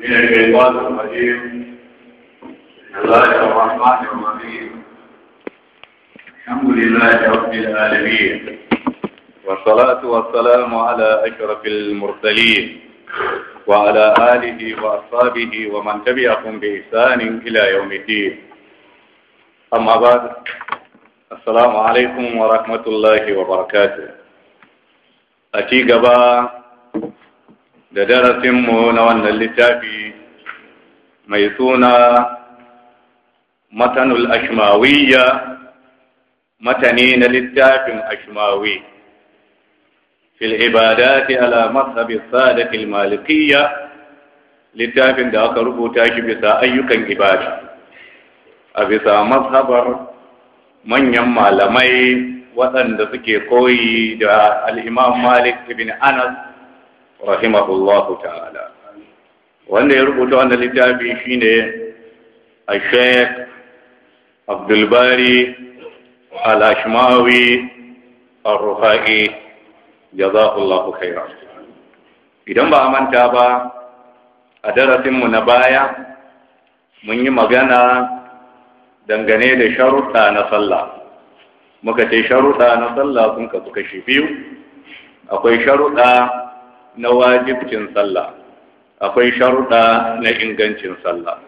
من الشيطان الرجيم الله الرحمن الرحيم الحمد لله رب العالمين والصلاة والسلام على أشرف المرسلين وعلى آله وأصحابه ومن تبعهم بإحسان إلى يوم الدين أما بعد السلام عليكم ورحمة الله وبركاته أتي قبا da darasinmu na wannan littafi mai suna matanul ashmawiyya matane na littafin ashmawi fil ibadati ala mazhabi sadatil malikiyya littafin da aka rubuta shi bisa ayyukan ibada a bisa mazhabar manyan malamai waɗanda suke koyi da al'imam malik ibn anas rahimahullahu ta'ala wanda ya rubuta wannan littafi shine al-Sheikh Abdul Bari al-Ashmawi ar ruhai jazakallahu khairan idan ba manta ba a darasin mu na baya mun yi magana dangane da sharuɗa na sallah muka ce sharuɗa na sallah sun kasu kashi biyu akwai sharuɗa na wajibcin sallah akwai sharuɗa na ingancin sallah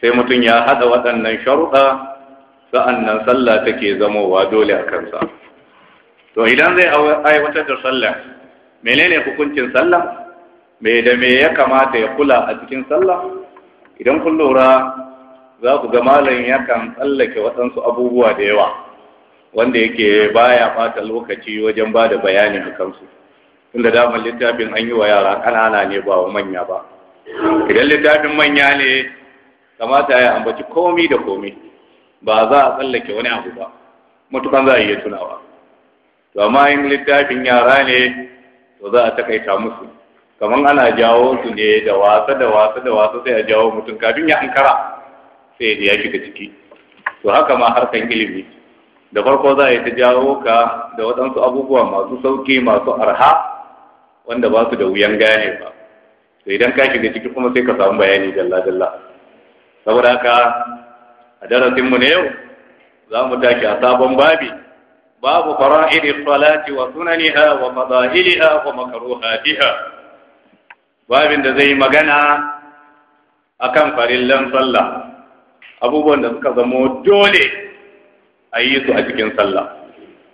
sai mutum ya haɗa waɗannan sharuɗa sa'annan sallah take zamowa dole a kansa to idan zai aiwatar da sallah menene hukuncin sallah me da me ya kamata ya kula a cikin sallah idan kun lura za ku ga malam yakan tsallake waɗansu abubuwa da yawa wanda yake baya ɓata lokaci wajen ba da bayani a kansu tunda damar littafin an yi wa yara ƙanana ne ba wa manya ba idan littafin manya ne kamata ya ambaci komi da komi ba za a tsallake wani abu ba matukan za a iya tunawa to amma in littafin yara ne to za a takaita musu kamar ana jawo su ne da wasa da wasa da wasa sai a jawo mutum kafin ya ankara sai ya shiga ciki to haka ma harkan ilimi da farko za a yi ta jawo ka da waɗansu abubuwa masu sauki masu arha wanda ba su da wuyan gane ba to idan ka shiga ciki kuma sai ka samu bayani dalla dalla saboda haka a darasin mu na yau za mu tashi a sabon babi babu fara'id salati wa sunaniha wa fada'iliha wa makruhatiha babin da zai magana akan farillan sallah abubuwan da suka zamo dole a yi su a cikin sallah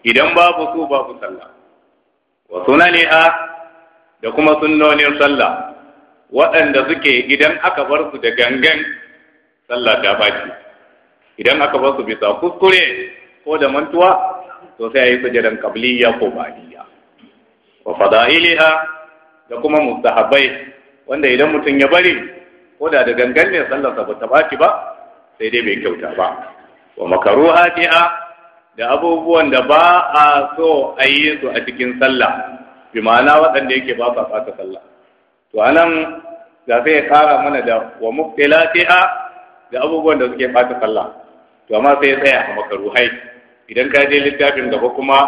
idan babu su babu sallah wa sunaniha da kuma sunnonin sallah waɗanda suke idan aka bar su da gangan sallah ta baki idan aka bar su bisa kuskure ko da mantuwa to sai ayi sujadan qabliyya ko ba'diyya wa fada'iliha da kuma mustahabbai wanda idan mutum ya bari ko da da gangan ne sallarsa ba ta ba sai dai bai kyauta ba wa makaruhatiha da abubuwan da ba a so a su a cikin sallah bi ma'ana waɗanda yake ba sa ɓata sallah to anan da sai ya kara mana da wa muqtilatiha da abubuwan da suke ɓata sallah to amma sai ya tsaya a makaruhai idan ka je littafin gaba kuma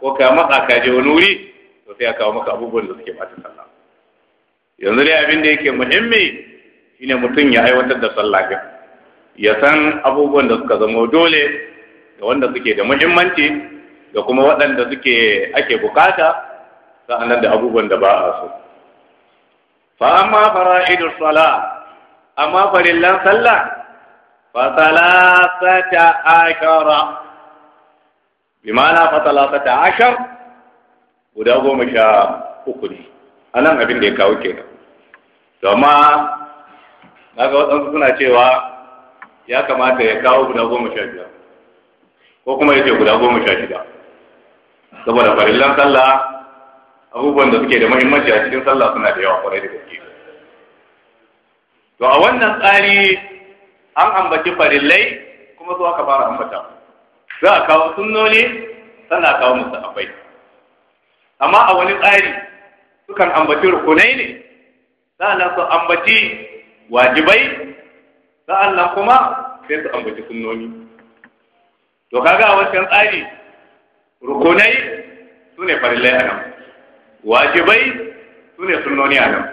ko ka matsa ka je wani wuri to sai ya kawo maka abubuwan da suke ɓata sallah yanzu dai abin da yake muhimmi shine mutum ya aiwatar da sallah ya san abubuwan da suka zama dole da wanda suke da muhimmanci da kuma waɗanda suke ake bukata sa'annan da abubuwan da ba a so fa amma fara'idu sala amma farillan sallah fa salasata ashara bi ma'ana fa salasata ashar guda goma sha uku ne nan abin da ya kawo kenan to amma na ga waɗansu suna cewa ya kamata ya kawo guda goma sha biyar ko kuma ya ce guda goma sha shida saboda farillan sallah abubuwan da suke da muhimmanci a cikin sallah suna da yawa kwarai da gaske to a wannan tsari an ambaci farillai kuma zuwa ka fara ambata za a kawo sunnoni sana kawo musu akwai. amma a wani tsari sukan ambaci rukunai ne sa'an su ambaci wajibai nan kuma sai su ambaci sunnoni to kaga a wancan tsari rukunai su ne farillai a nan واجبای sune sunnoni a nan